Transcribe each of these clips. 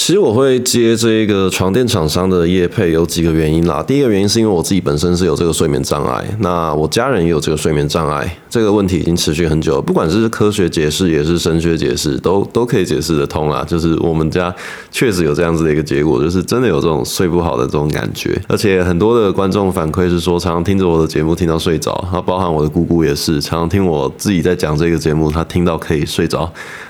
其實我會接這個床墊廠商的業配，有幾個原因啦。第一個原因是因為我自己本身是有這個睡眠障礙，那我家人也有這個睡眠障礙，這個問題已經持續很久了。不管是科學解釋也是神學解釋都都可以解釋得通啦。就是我們家確實有這樣子的一個結果，就是真的有這種睡不好的這種感覺。而且很多的觀眾反饋是說，常常聽着我的節目聽到睡着，然後包含我的姑姑也是，常常聽我自己在講這個節目，她聽到可以睡着。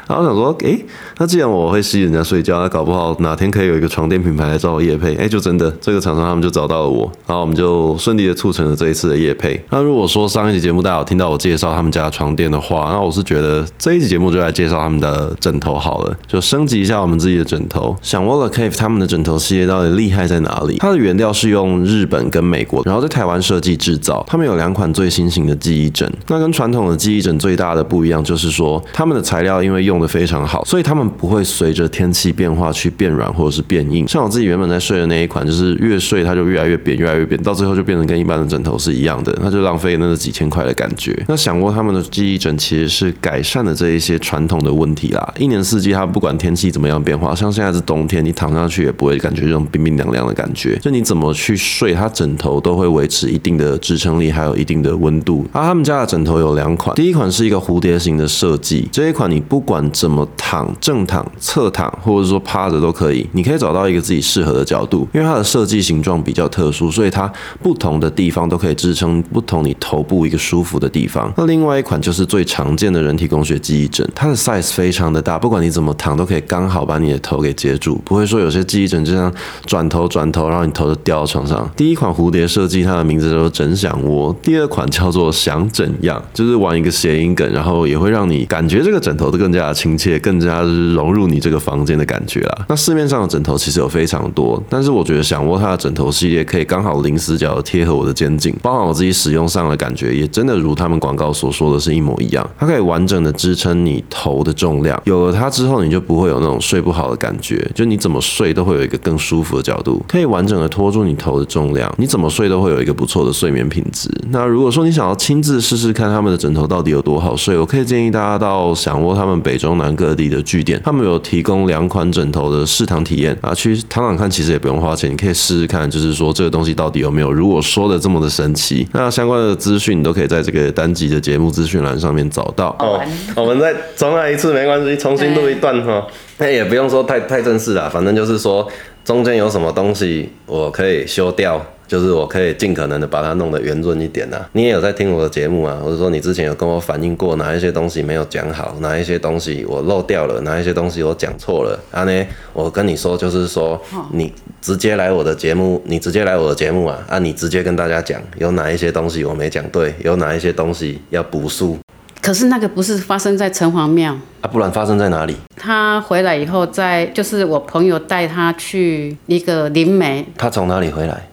然後想說，誒、欸，那既然我會吸引人家睡覺，那搞不好哪天可以有一個床墊品牌來找我業配。誒、欸，就真的，這個廠商他們就找到了我，然後我們就順利的促成了這一次的業配。那如果說上一集節目大家有聽到我介紹他們家的床墊的話，那我是覺得這一集節目就來介紹他們的枕頭好了，就升級一下我們自己的枕頭。想窩 The Cave 他們的枕頭系列到底厲害在哪裡？它的原料是用日本跟美國，然後在台灣設計制造。他們有兩款最新型的記憶枕，那跟傳統的記憶枕最大的不一樣就是說，他們的材料因為用的非常好，所以它們不會隨着天氣變化去變軟或者是變硬。像我自己原本在睡的那一款，就是越睡它就越來越扁，越來越扁，到最後就變成跟一般的枕頭是一樣的，它就浪費那個幾千塊的感覺。那想窩他們的記憶枕其實是改善了這一些傳統的問題啦。一年四季它不管天氣怎麼樣變化，像現在是冬天，你躺上去也不會感覺這種冰冰涼涼的感覺。就你怎麼去睡，它枕頭都會維持一定的支撐力，還有一定的溫度。啊，他們家的枕頭有兩款，第一款是一個蝴蝶形的設計，這一款你不管。怎麼躺，正躺、側躺，或者說趴着都可以，你可以找到一個自己適合的角度。因為它的設計形狀比較特殊，所以它不同的地方都可以支撐不同你頭部一個舒服的地方。那另外一款就是最常見的人體工學記憶枕，它的 size 非常的大，不管你怎麼躺都可以剛好把你的頭給接住，不會說有些記憶枕就像轉頭轉頭，然後你頭就掉到床上。第一款蝴蝶設計，它的名字叫做枕想窩，第二款叫做想怎樣，就是玩一個諧音梗，然後也會讓你感覺這個枕頭的更加。親切，更加融入你這個房間的感覺啦。那市面上的枕頭其實有非常多，但是我覺得想窩它的枕頭系列可以剛好零死角的貼合我的肩頸，包含我自己使用上的感覺，也真的如他們廣告所說的是一模一樣。它可以完整的支撐你頭的重量，有了它之後，你就不會有那種睡不好的感覺，就你怎麼睡都會有一個更舒服的角度，可以完整的托住你頭的重量，你怎麼睡都會有一個不錯的睡眠品質。那如果說你想要親自試試看他們的枕頭到底有多好睡，我可以建議大家到想窩他們北中。中南各地的據點，他們有提供兩款枕頭的試躺體驗啊，去躺躺看，其實也不用花錢，你可以試試看，就是說這個東西到底有沒有如果說的這麼的神奇。那相關的資訊你都可以在這個單集的節目資訊欄上面找到。哦， 哦，我們再重來一次沒關係，重新錄一段哈，那、哦、也不用說太太正式啦，反正就是說。中間有什麼東西我可以修掉，就是我可以盡可能的把它弄得圓潤一點吶、啊。你也有在聽我的節目啊，或者說你之前有跟我反映過哪一些東西沒有講好，哪一些東西我漏掉了，哪一些東西我講錯了。啊，呢，我跟你說，就是說你直接來我的節目，你直接來我的節目啊，啊你直接跟大家講，有哪一些東西我沒講對，有哪一些東西要補述。可是那個不是發生在城隍廟啊，不然發生在哪裡？他回來以後在，在就是我朋友帶他去一個靈媒。他從哪裡回來？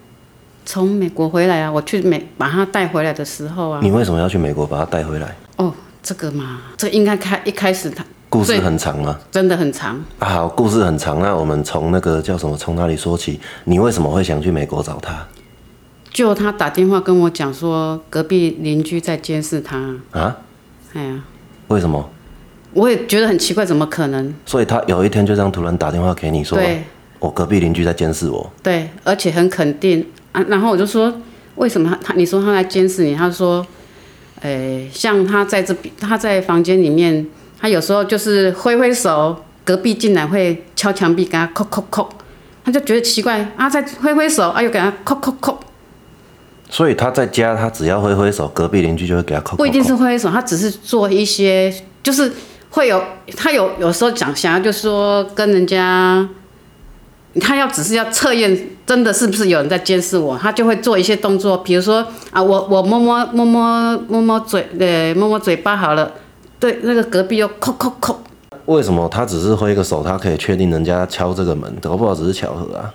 從美國回來啊！我去美把他帶回來的時候啊。你為什麼要去美國把他帶回來？哦，這個嘛，這應該開一開始他故事很長嗎？真的很長啊！好，故事很長，那我們從那個叫什麼從哪裡說起？你為什麼會想去美國找他？就他打電話跟我講說，隔壁鄰居在監視他啊。哎呀，為什麼？我也覺得很奇怪，怎麼可能？所以他有一天就這樣突然打電話給你說，說：“我隔壁鄰居在監視我。”對，而且很肯定啊。然後我就說：“為什麼他？你說他在監視你？”他說：“呃、欸，像他在這，他在房間裡面，他有時候就是揮揮手，隔壁進來會敲牆壁給他叩叩叩，他就覺得奇怪啊，在揮揮手，啊，又給他叩叩叩。”所以他在家，他只要揮揮手，隔壁鄰居就會給他扣。不一定是揮揮手，他只是做一些，就是會有他有有時候想想要就說跟人家，他要只是要測驗真的是不是有人在監視我，他就會做一些動作，比如說啊，我我摸摸摸摸摸摸嘴，呃摸摸嘴巴好了，對那個隔壁又扣扣扣。為什麼他只是揮個手，他可以確定人家敲這個門，搞不好只是巧合啊？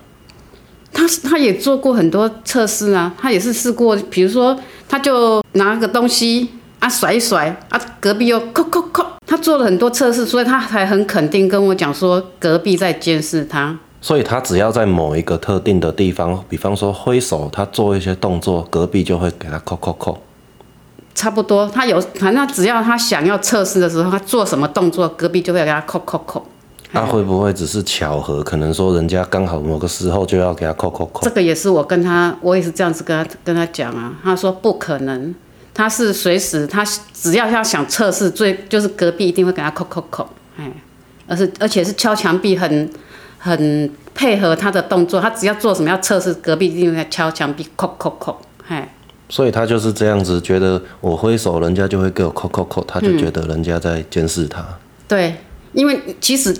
他他也做過很多測試啊，他也是試過，比如說他就拿個東西啊，甩一甩啊，隔壁又扣扣扣。他做了很多測試，所以他才很肯定跟我講說隔壁在監視他。所以他只要在某一個特定的地方，比方說揮手，他做一些動作，隔壁就會給他扣扣扣。差不多，他有反正他只要他想要測試的時候，他做什麼動作，隔壁就會給他扣扣扣。那、啊、會不會只是巧合？可能說人家剛好某個時候就要給他扣扣扣。這個也是我跟他，我也是這樣子跟他跟他講啊。他說不可能，他是隨時他只要他想測試，最就是隔壁一定會給他扣扣扣。哎，而且而且是敲牆壁很，很很配合他的動作。他只要做什麼要測試，隔壁一定會敲牆壁扣扣扣。哎，所以他就是這樣子覺得我揮手，人家就會給我扣扣扣，他就覺得人家在監視他。嗯、對。因為其實，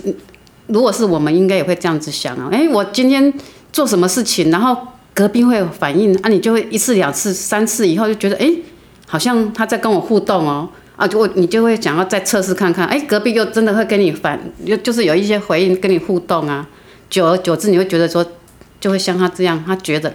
如果是我們，應該也會這樣子想啊。哎、欸，我今天做什麼事情，然後隔壁會有反應，啊，你就會一次、兩次、三次以後，就覺得哎、欸，好像他在跟我互動哦，啊，就我你就會想要再測試看看，哎、欸，隔壁又真的會跟你反，又就是有一些回應跟你互動啊。久而久之，你會覺得說，就會像他這樣，他覺得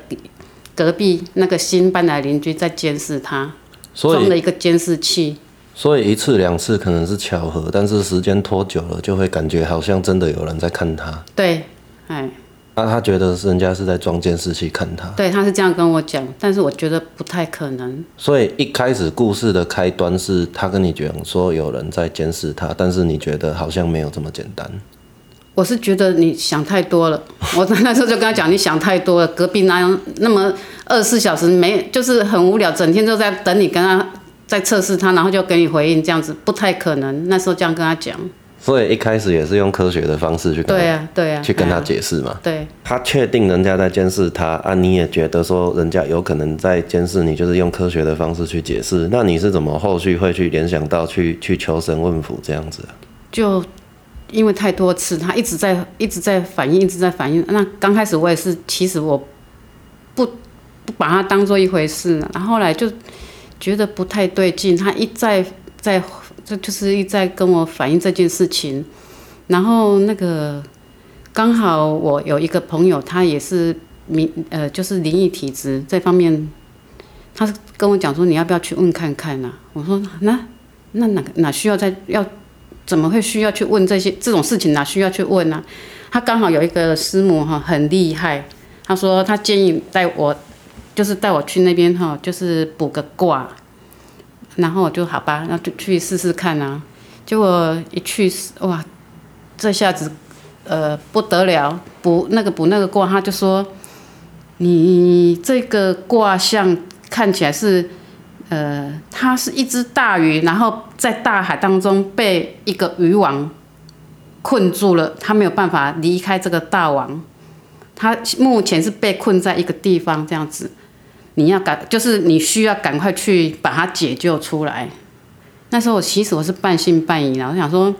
隔壁那個新搬來的鄰居在監視他，裝了一個監視器。所以一次兩次可能是巧合，但是時間拖久了，就會感覺好像真的有人在看他。對，哎，那、啊、他覺得是人家是在裝監視器看他。對，他是這樣跟我講，但是我覺得不太可能。所以一開始故事的開端是他跟你講說有人在監視他，但是你覺得好像沒有這麼簡單。我是覺得你想太多了， 我在那時候就跟他講你想太多了，隔壁那、啊、有那麼二十四小時沒就是很無聊，整天都在等你跟他。在測試他，然後就給你回應，這樣子不太可能。那時候這樣跟他講，所以一開始也是用科學的方式去對啊，對啊，去跟他解釋嘛。啊、對，他確定人家在監視他啊，你也覺得說人家有可能在監視你，就是用科學的方式去解釋。那你是怎麼後續會去聯想到去去求神問佛這樣子啊？就因為太多次，他一直在一直在反應，一直在反應。那剛開始我也是，其實我不不把它當做一回事，然後後來就。覺得不太對勁，他一再在，這就是一再跟我反映這件事情。然後那個剛好我有一個朋友，他也是靈，呃，就是靈異體質這方面，他跟我講說，你要不要去問看看啊？我說那那哪哪需要再要，怎麼會需要去問這些這種事情哪需要去問呢、啊？他剛好有一個師母哈很厲害，他說他建議帶我。就是帶我去那邊哈，就是卜個卦，然後我就好吧，那就去試試看啊。結果一去哇，這下子呃不得了，卜那個卜那個卦，他就說你這個卦象看起來是呃，它是一只大魚，然後在大海當中被一個漁網困住了，他沒有辦法離開這個大網，他目前是被困在一個地方這樣子。你要趕，就是你需要趕快去把他解救出來。那時候我其實我是半信半疑的，我想說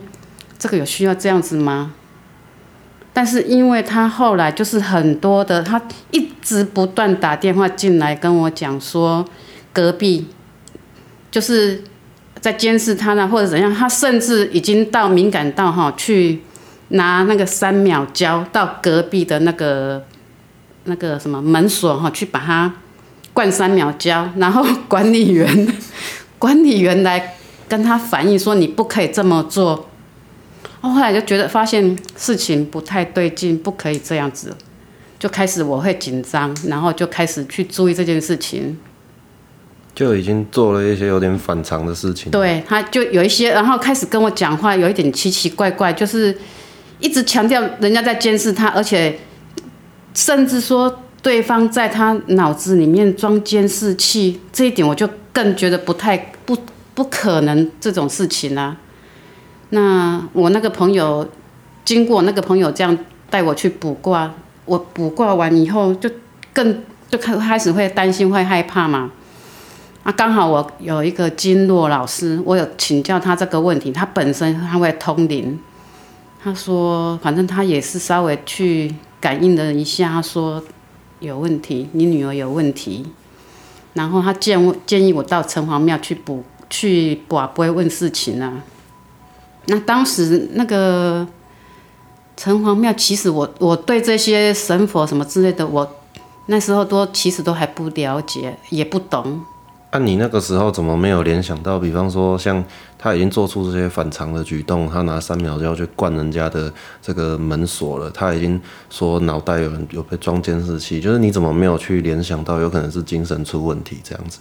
這個有需要這樣子嗎？但是因為他後來就是很多的，他一直不斷打電話進來跟我講說隔壁就是在監視他呢，或者怎樣。他甚至已經到敏感到哈去拿那個三秒膠到隔壁的那個那個什麼門鎖哈去把它。灌三秒膠，然後管理員管理員來跟他反映說，你不可以這麼做。我後來就覺得發現事情不太對勁，不可以這樣子，就開始我會緊張，然後就開始去注意這件事情，就已經做了一些有點反常的事情。對，他就有一些，然後開始跟我講話，有一點奇奇怪怪，就是一直強調人家在監視他，而且甚至說，對方在他腦子裡面裝監視器，這一點我就更覺得不太不不可能這種事情啊，那我那個朋友，經過那個朋友這樣帶我去卜卦，我卜卦完以後就更就開開始會擔心會害怕嘛。啊，剛好我有一個經絡老師，我有請教他這個問題，他本身他會通靈，他說反正他也是稍微去感應了一下，他說。有問題，你女兒有問題，然後他建建議我到城隍廟去補去補啊，不會問事情了啊。那當時那個城隍廟，其實我我對這些神佛什麼之類的，我那時候都其實都還不了解，也不懂。按、啊、你那個時候怎麼沒有聯想到？比方說，像他已經做出這些反常的舉動，他拿三秒膠去灌人家的這個門鎖了，他已經說腦袋有有被裝監視器，就是你怎麼沒有去聯想到有可能是精神出問題這樣子？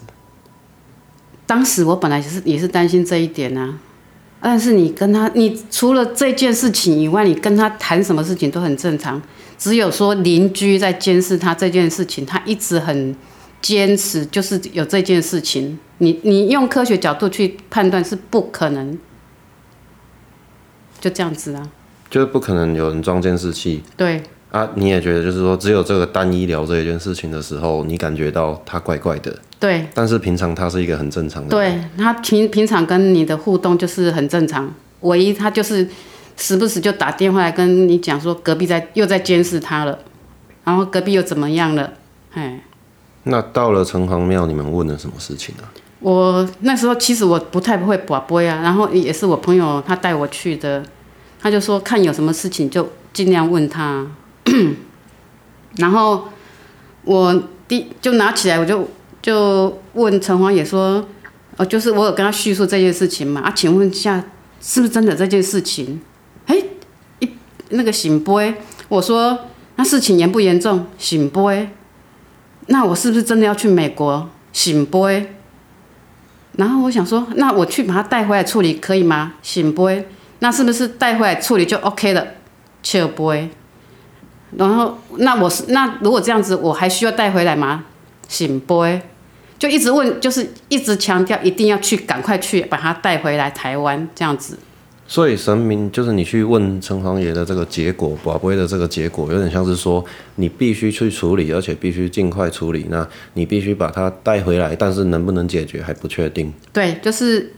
當時我本來也是也是擔心這一點啊，但是你跟他，你除了這件事情以外，你跟他談什麼事情都很正常，只有說鄰居在監視他這件事情，他一直很。堅持就是有這件事情，你你用科學角度去判斷是不可能，就這樣子啊。就是不可能有人裝監視器。對。啊，你也覺得就是說，只有這個單醫療這一件事情的時候，你感覺到他怪怪的。對。但是平常他是一個很正常的。對，他平平常跟你的互動就是很正常，唯一他就是時不時就打電話來跟你講說，隔壁在又在監視他了，然後隔壁又怎麼樣了，哎。那到了城隍廟，你們問了什麼事情啊？我那時候其實我不太會博杯啊，然後也是我朋友他帶我去的，他就說看有什麼事情就盡量問他。 然後我第就拿起來我就就問城隍爺說，哦，就是我有跟他敘述這件事情嘛，啊，請問一下是不是真的這件事情？嘿、欸，一那個聖杯，我說那事情嚴不嚴重？聖杯。那我是不是真的要去美國？聖杯。然後我想說，那我去把它帶回來處理可以嗎？聖杯。那是不是帶回來處理就 OK 了？笑杯。然後那我是那如果這樣子，我還需要帶回來嗎？聖杯。就一直問，就是一直強調一定要去，趕快去把它帶回來台灣這樣子。所以神明就是你去問城隍爺的這個結果，寶貴的這個結果，有點像是說你必須去處理，而且必須盡快處理。那你必須把它帶回來，但是能不能解決還不確定。對，就是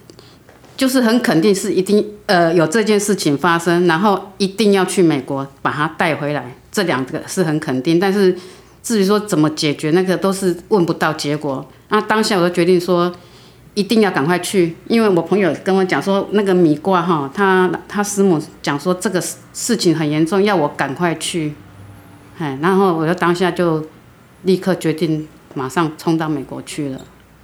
就是很肯定是一定呃有這件事情發生，然後一定要去美國把它帶回來，這兩個是很肯定。但是至於說怎麼解決，那個都是問不到結果。那、啊、當下我就決定說。一定要趕快去，因為我朋友跟我講說，那個米瓜哈，他他師母講說這個事情很嚴重，要我趕快去。哎，然後我就當下就立刻決定，馬上衝到美國去了。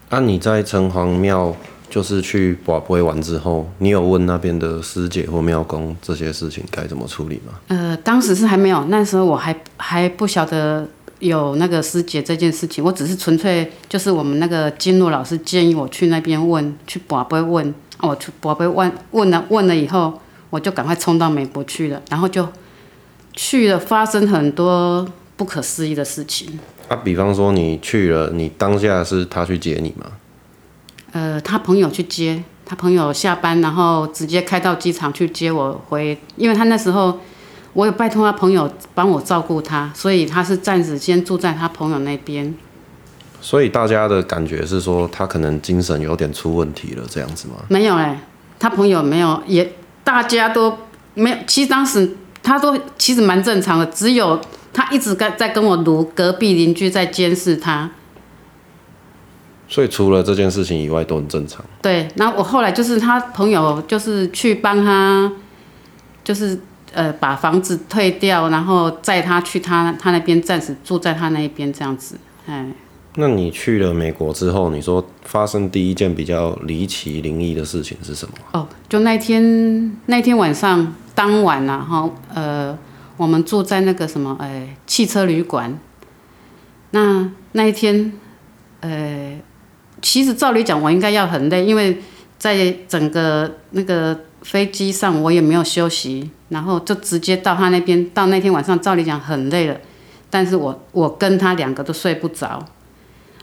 那、啊、你在城隍廟就是去拜拜完之後，你有問那邊的師姐或廟公這些事情該怎麼處理嗎？呃，當時是還沒有，那時候我還還不曉得。有那個師姐這件事情，我只是純粹就是我們那個金諾老師建議我去那邊問，去拔杯問，我去拔杯問，問了問了以後，我就趕快衝到美國去了，然後就去了，發生很多不可思議的事情。啊，比方說你去了，你當下是他去接你嗎？呃，他朋友去接，他朋友下班然後直接開到機場去接我回，因為他那時候。我有拜託他朋友幫我照顧他，所以他是暫時先住在他朋友那邊。所以大家的感覺是說，他可能精神有點出問題了，這樣子嗎？沒有哎、欸，他朋友沒有，也大家都沒有。其實當時他都其實蠻正常的，只有他一直在在跟我讀，隔壁鄰居在監視他。所以除了這件事情以外都很正常。對，那我後來就是他朋友，就是去幫他，就是。呃，把房子退掉，然後載他去他他那邊，暫時住在他那邊這樣子。哎，那你去了美國之後，你說發生第一件比較離奇靈異的事情是什麼？哦，就那天那天晚上當晚啊，哈，呃，我們住在那個什麼，哎、呃，汽車旅館。那那一天，呃，其實照理講，我應該要很累，因為在整個那個飛機上，我也沒有休息。然後就直接到他那邊，到那天晚上，照理講很累了，但是我我跟他兩個都睡不着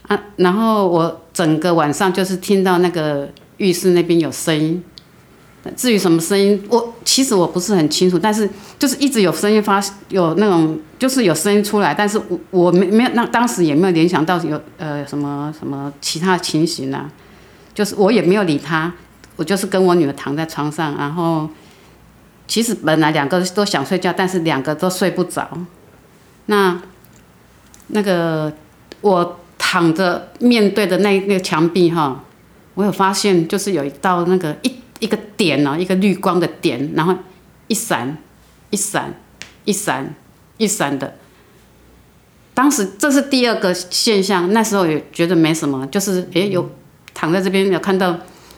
啊。然後我整個晚上就是聽到那個浴室那邊有聲音，至於什麼聲音，我其實我不是很清楚，但是就是一直有聲音發，有那種就是有聲音出來，但是我我沒沒有那當時也沒有聯想到有呃什麼什麼其他情形啊，就是我也沒有理他，我就是跟我女兒躺在床上，然後。其實本來兩個都想睡覺，但是兩個都睡不着。那那個我躺着面對的那那個牆壁哈，我有發現就是有一道那個一一個點呢、喔，一個綠光的點，然後一閃一閃一閃一閃的。當時這是第二個現象，那時候也覺得沒什麼，就是哎、欸，有躺在這邊有看到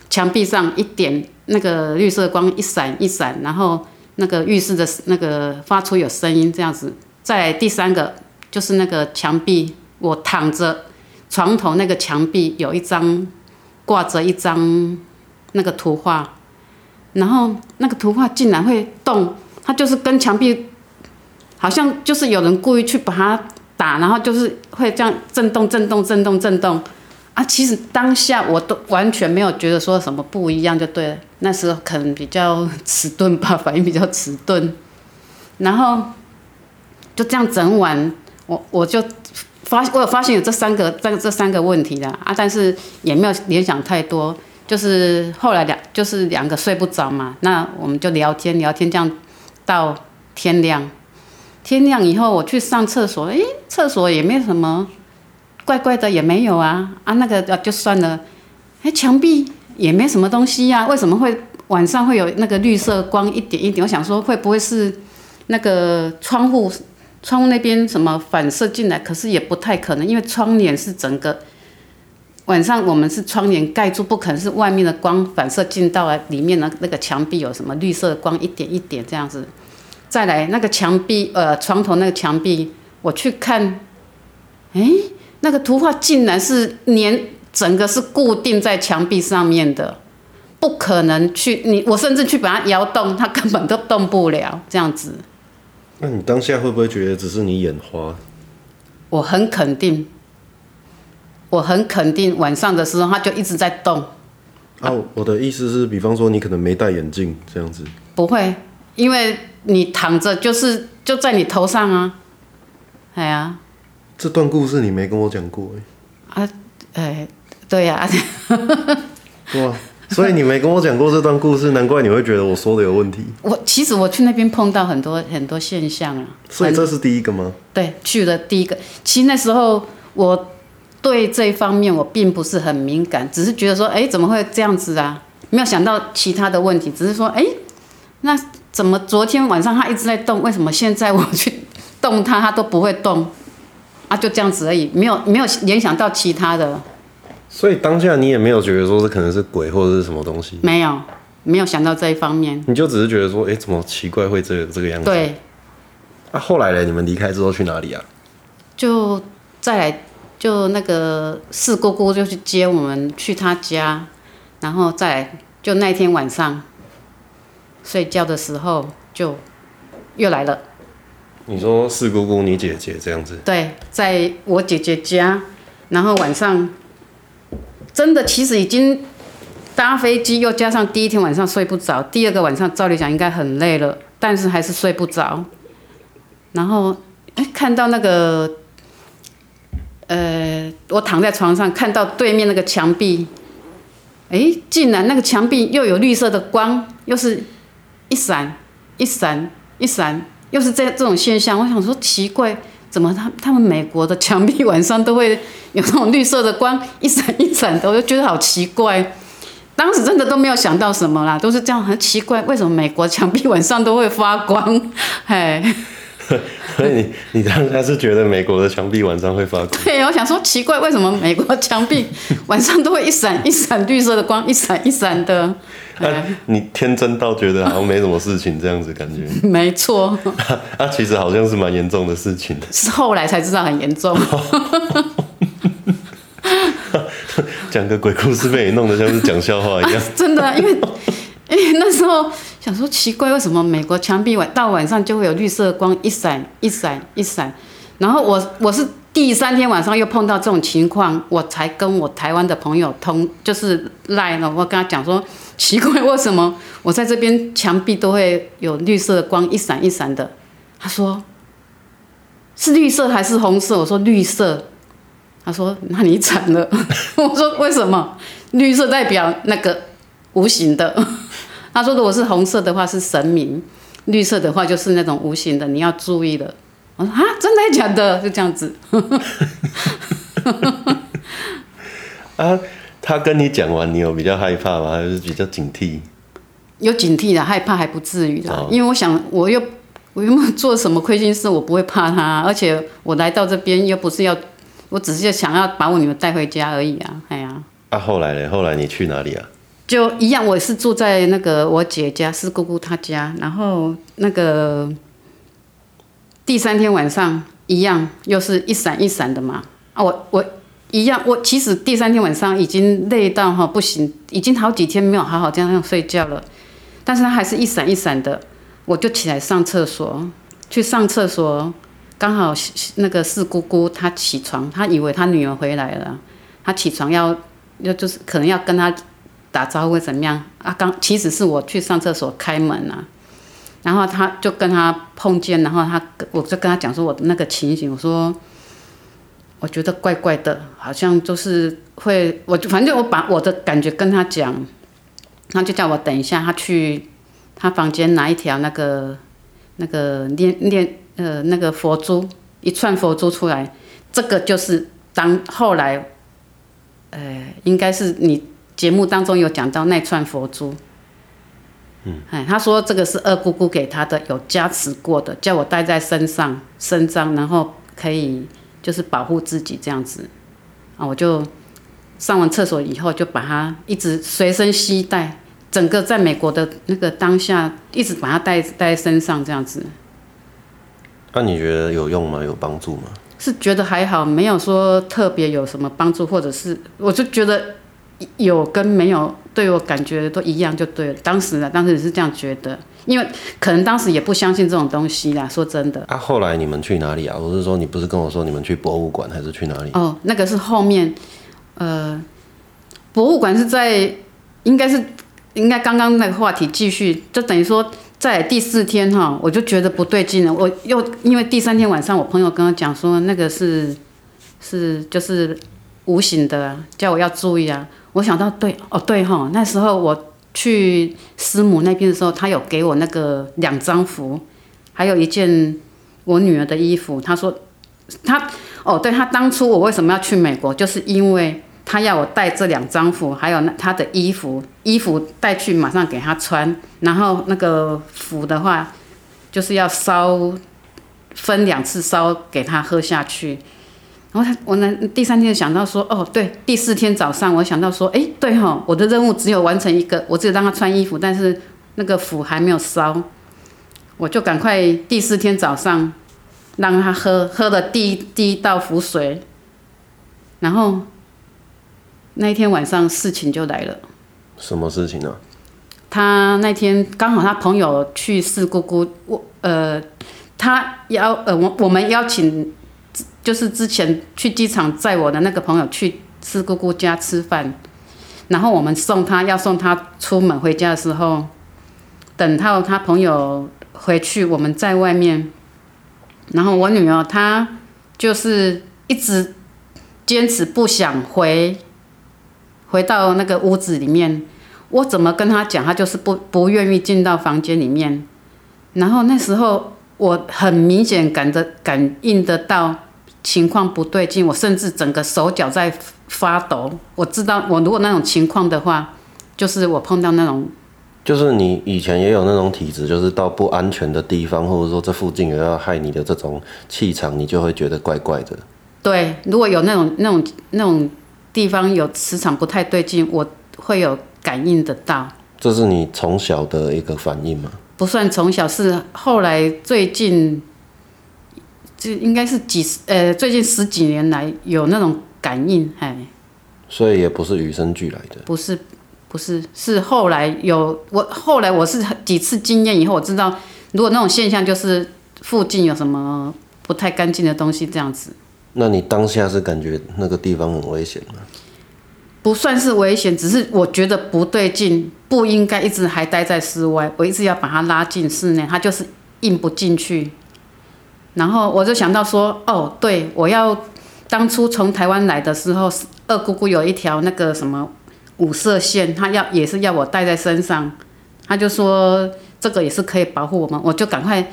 牆壁上一點。那個綠色光一閃一閃，然後那個浴室的那個發出有聲音，這樣子。再第三個就是那個牆壁，我躺着床頭那個牆壁有一張掛着一張那個圖畫，然後那個圖畫竟然會動，它就是跟牆壁好像就是有人故意去把它打，然後就是會這樣震動、震動、震動、震動、震動。啊，其實當下我都完全沒有覺得說什麼不一樣就對了，那時候可能比較遲鈍吧，反應比較遲鈍，然後就這樣整晚，我我就發，我有發現有這三個這這三個問題了啊，但是也沒有聯想太多，就是後來兩就是兩個睡不着嘛，那我們就聊天聊天，這樣到天亮，天亮以後我去上廁所，誒，廁所也沒什麼。怪怪的也沒有啊啊，那個就算了，哎、欸，牆壁也沒什麼東西呀、啊，為什麼會晚上會有那個綠色光一點一點？我想說會不會是那個窗戶窗戶那邊什麼反射進來？可是也不太可能，因為窗簾是整個晚上我們是窗簾蓋住，不可能是外面的光反射進到啊裡面的那個牆壁有什麼綠色光一點一點這樣子？再來那個牆壁呃床頭那個牆壁，我去看，哎、欸。那個圖畫竟然是黏整個是固定在牆壁上面的，不可能去你我甚至去把它搖動，它根本都動不了這樣子。那你當下會不會覺得只是你眼花？我很肯定，我很肯定晚上的時候它就一直在動。哦、啊，我的意思是，比方說你可能沒戴眼鏡這樣子。不會，因為你躺着就是就在你頭上啊，哎呀、啊。這段故事你沒跟我講過欸，啊，欸，對呀，啊，所以你沒跟我講過這段故事，難怪你會覺得我說的有問題。我其實我去那邊碰到很多很多現象啊，所以這是第一個嗎？對，去了第一個。其實那時候我對這一方面我並不是很敏感，只是覺得說，哎，怎麼會這樣子啊？沒有想到其他的問題，只是說，哎，那怎麼昨天晚上它一直在動，為什麼現在我去動它，它都不會動？啊，就這樣子而已，沒有沒有聯想到其他的。所以當下你也沒有覺得說這可能是鬼或者是什麼東西？沒有沒有想到這一方面，你就只是覺得說，哎、欸，怎麼奇怪會這這個樣子？對。那、啊、後來呢？你們離開之後去哪裡啊？就再來，就那個四姑姑就去接我們去她家，然後再來。就那天晚上睡覺的時候就又來了。你說五姑姑，你姐姐這樣子，對，在我姐姐家，然後晚上，真的其實已經搭飛機，又加上第一天晚上睡不着，第二個晚上照理講應該很累了，但是還是睡不着。然後看到那個，呃，我躺在床上，看到對面那個牆壁，哎，竟然那個牆壁又有綠色的光，又是一閃一閃一閃。一閃又是這這種現象，我想說奇怪，怎麼他他們美國的牆壁晚上都會有那種綠色的光一閃一閃的，我就覺得好奇怪。當時真的都沒有想到什麼啦，都是這樣很奇怪，為什麼美國牆壁晚上都會發光？嘿。所以你你當時是覺得美國的牆壁晚上會發光？對，我想說奇怪，為什麼美國牆壁晚上都會一閃一閃綠色的光，一閃一閃的、啊？你天真到覺得好像沒什麼事情這樣子感覺？沒錯、啊。啊，其實好像是蠻嚴重的事情的。是後來才知道很嚴重。講 個鬼故事被你弄得像是講笑話一樣。啊、真的、啊，因為因為那時候。想說奇怪，為什麼美國牆壁晚到晚上就會有綠色光一閃一閃一閃？然後我我是第三天晚上又碰到這種情況，我才跟我台灣的朋友通，就是賴了。我跟他講說奇怪，為什麼我在這邊牆壁都會有綠色光一閃一閃的？他說是綠色還是紅色？我說綠色。他說那你慘了。我說為什麼？綠色代表那個無形的。他說：“如果是紅色的話是神明，綠色的話就是那種無形的，你要注意了。”我說：“啊，真的還假的？ 就這樣子？” 啊，他跟你講完，你有比較害怕嗎？還是比較警惕？有警惕的，害怕還不至於的，因為我想我又我又沒有做什麼虧心事，我不會怕他啊。而且我來到這邊又不是要，我只是想要把我女兒帶回家而已啊！哎呀，啊，啊後來呢，後來你去哪裡啊？就一樣，我是住在那個我姐家，四姑姑她家。然後那個第三天晚上，一樣又是一閃一閃的嘛。啊，我我一樣，我其實第三天晚上已經累到哈不行，已經好幾天沒有好好這樣樣睡覺了。但是她還是一閃一閃的，我就起來上廁所，去上廁所，剛好那個四姑姑她起床，她以為她女兒回來了，她起床要要就是可能要跟她。打招呼會怎麼樣啊？剛其實是我去上廁所開門啊，然後他就跟他碰見，然後他我就跟他講說我的那個情形，我說我覺得怪怪的，好像就是會我就反正我把我的感覺跟他講，他就叫我等一下他，他去他房間拿一條那個那個念念呃那個佛珠一串佛珠出來，這個就是當後來呃應該是你。節目當中有講到那串佛珠，嗯，哎，他說這個是二姑姑給他的，有加持過的，叫我帶在身上，身上，然後可以就是保護自己這樣子。啊，我就上完廁所以後就把它一直隨身攜帶，整個在美國的那個當下一直把它帶帶在身上這樣子。那、啊、你覺得有用嗎？有幫助嗎？是覺得還好，沒有說特別有什麼幫助，或者是我就覺得。有跟沒有對我感覺都一樣就對了。當時呢，當時也是這樣覺得，因為可能當時也不相信這種東西啦。說真的，啊，後來你們去哪裡啊？我是說，你不是跟我說你們去博物館還是去哪裡？哦，那個是後面，呃，博物館是在，應該是應該剛剛那個話題繼續，就等於說在第四天哈，我就覺得不對勁了。我又因為第三天晚上我朋友跟我講說，那個是是就是無形的，啊，叫我要注意啊。我想到對哦，對哦對哈，那時候我去師母那邊的時候，她有給我那個兩張符，還有一件我女兒的衣服。她說，她哦對，她當初我為什麼要去美國，就是因為她要我帶這兩張符，還有那她的衣服，衣服帶去馬上給她穿，然後那個符的話，就是要燒，分兩次燒給她喝下去。然後我呢，第三天想到說，哦，對，第四天早上我想到說，哎，對哦，我的任務只有完成一個，我只有讓他穿衣服，但是那個符還沒有燒，我就趕快第四天早上讓他喝，喝了第一第一道符水，然後那一天晚上事情就來了。什麼事情呢、啊？他那天剛好他朋友去五姑姑，我呃，他邀呃，我，我們邀請。嗯就是之前去機場，載我的那個朋友去五姑姑家吃飯，然後我們送他，要送他出門回家的時候，等到他朋友回去，我們在外面，然後我女兒她就是一直堅持不想回，回到那個屋子裡面，我怎麼跟她講，她就是不不願意進到房間裡面，然後那時候我很明顯感的感應得到。情況不對勁，我甚至整個手腳在發抖。我知道，我如果那種情況的話，就是我碰到那種，就是你以前也有那種體質，就是到不安全的地方，或者說這附近有要害你的這種氣場，你就會覺得怪怪的。對，如果有那種那種那種地方有磁場不太對勁，我會有感應得到。這是你從小的一個反應嗎？不算從小，是後來最近。就應該是幾十呃，最近十幾年來有那種感應嘿，所以也不是與生俱來的，不是，不是，是後來有我後來我是幾次經驗以後，我知道如果那種現象就是附近有什麼不太乾淨的東西這樣子。那你當下是感覺那個地方很危險嗎？不算是危險，只是我覺得不對勁，不應該一直還待在室外，我一直要把它拉進室內，它就是硬不進去。然後我就想到說，哦，對，我要當初從台灣來的時候，二姑姑有一條那個什麼五色線，她要也是要我帶在身上，她就說這個也是可以保護我們，我就趕快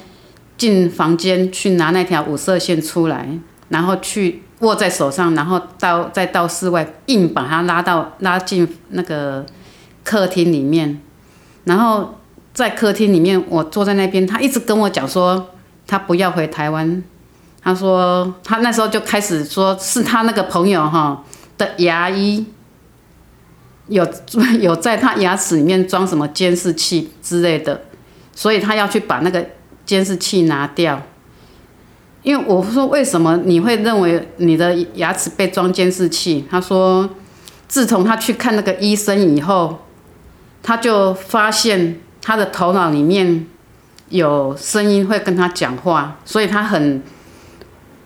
進房間去拿那條五色線出來，然後去握在手上，然後到再到室外硬把它拉到拉進那個客廳裡面，然後在客廳裡面我坐在那邊，他一直跟我講說。他不要回台灣，他說他那時候就開始說，是他那個朋友哈、喔、的牙醫有有在他牙齒裡面裝什麼監視器之類的，所以他要去把那個監視器拿掉。因為我說為什麼你會認為你的牙齒被裝監視器？他說，自從他去看那個醫生以後，他就發現他的頭腦裡面。有聲音會跟他講話，所以他很，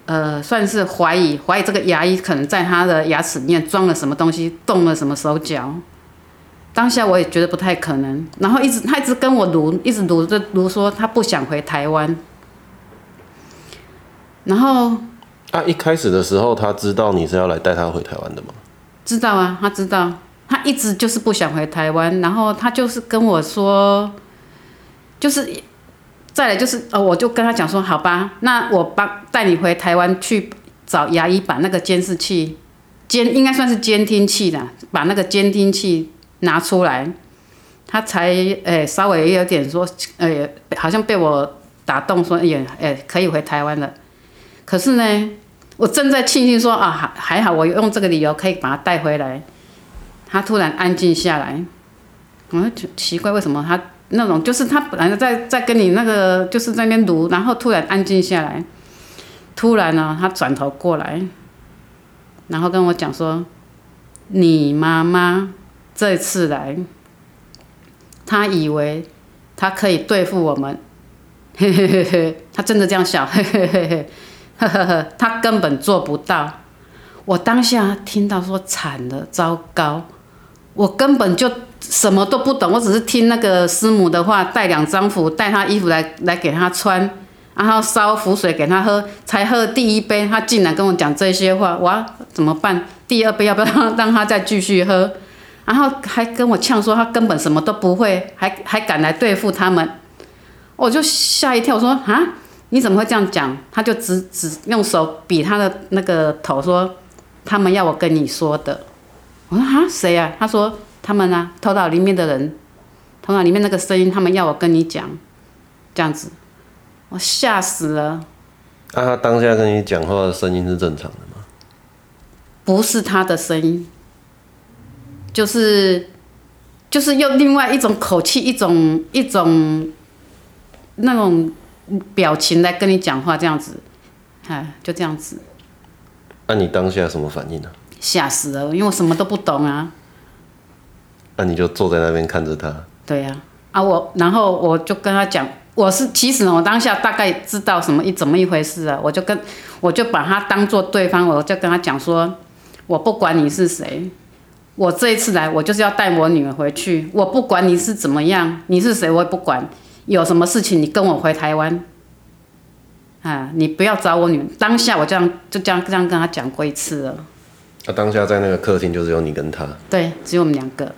呃，算是懷疑，懷疑這個牙醫可能在他的牙齒裡面裝了什麼東西，動了什麼手腳。當下我也覺得不太可能，然後一直他一直跟我讀，一直讀着讀說他不想回台灣。然後，他，啊，一開始的時候，他知道你是要來帶他回台灣的嗎？知道啊，他知道，他一直就是不想回台灣，然後他就是跟我說，就是。再來就是，呃、哦，我就跟他講說，好吧，那我幫帶你回台灣去找牙醫把，把那個監視器監應該算是監聽器啦，把那個監聽器拿出來，他才，誒、欸、稍微有點說，哎、欸，好像被我打動，說，也、欸，誒、欸、可以回台灣了。可是呢，我正在慶幸說，啊，還還好，我用這個理由可以把他帶回來。他突然安靜下來，我、嗯、就奇怪為什麼他。那種就是他本來在在跟你那個就是在那邊讀，然後突然安靜下來，突然呢、喔、他轉頭過來，然後跟我講說，你媽媽這次來，他以為他可以對付我們，嘿嘿嘿嘿，他真的這樣笑，嘿嘿嘿嘿，呵呵呵，他根本做不到。我當下聽到說慘了，糟糕，我根本就。什麼都不懂，我只是聽那個師母的話，帶兩張符，帶他衣服來來給他穿，然後燒符水給他喝。才喝第一杯，他竟然跟我講這些話，哇，怎麼辦？第二杯要不要讓他再繼續喝？然後還跟我嗆說他根本什麼都不會，還還敢來對付他們，我就嚇一跳，我說啊，你怎麼會這樣講？他就只只用手比他的那個頭說，他們要我跟你說的。我說啊，誰呀？他說。他們呢、啊？頭腦裡面的人，頭腦裡面那個聲音，他們要我跟你講，這樣子，我嚇死了。那、啊、他當下跟你講話的聲音是正常的嗎？不是他的聲音，就是就是用另外一種口氣、一種一種那種表情來跟你講話，這樣子，哎，就這樣子。那、啊、你當下什麼反應呢、啊？嚇死了，因為我什麼都不懂啊。那、啊、你就坐在那邊看着他。對呀、啊，啊我，然後我就跟他講，我是其實呢，我當下大概知道什麼一怎麼一回事啊，我就跟我就把他當做對方，我就跟他講說，我不管你是誰，我這一次來我就是要帶我女兒回去，我不管你是怎麼樣，你是誰我也不管，有什麼事情你跟我回台灣，啊你不要找我女兒。當下我就這樣就這樣就這樣跟他講過一次了。那、啊、當下在那個客廳就只有你跟他。對，只有我們兩個。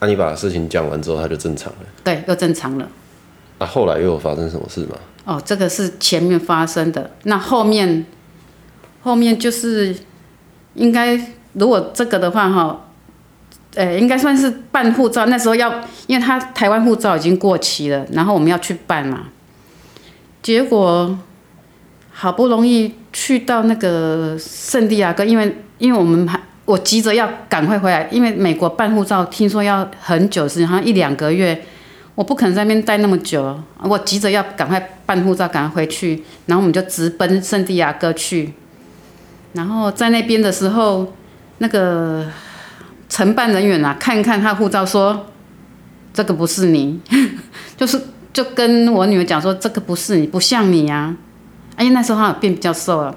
那、啊、你把事情講完之後，他就正常了。對，又正常了。那、啊、後來又發生什麼事嗎？哦，這個是前面發生的。那後面，後面就是應該，如果這個的話，哈，呃，應該算是辦護照。那時候要，因為他台灣護照已經過期了，然後我們要去辦嘛。結果好不容易去到那個聖地亞哥，因為因為我們還。我急着要趕快回來，因為美國辦護照聽說要很久時，時間好像一兩個月，我不可能在那邊待那麼久。我急着要趕快辦護照，趕快回去。然後我們就直奔聖地亞哥去。然後在那邊的時候，那個承辦人員啊，看看他護照說，說這個不是你， 就是就跟我女兒講說這個不是你，不像你呀、啊。哎、欸、那時候好像變比較瘦了。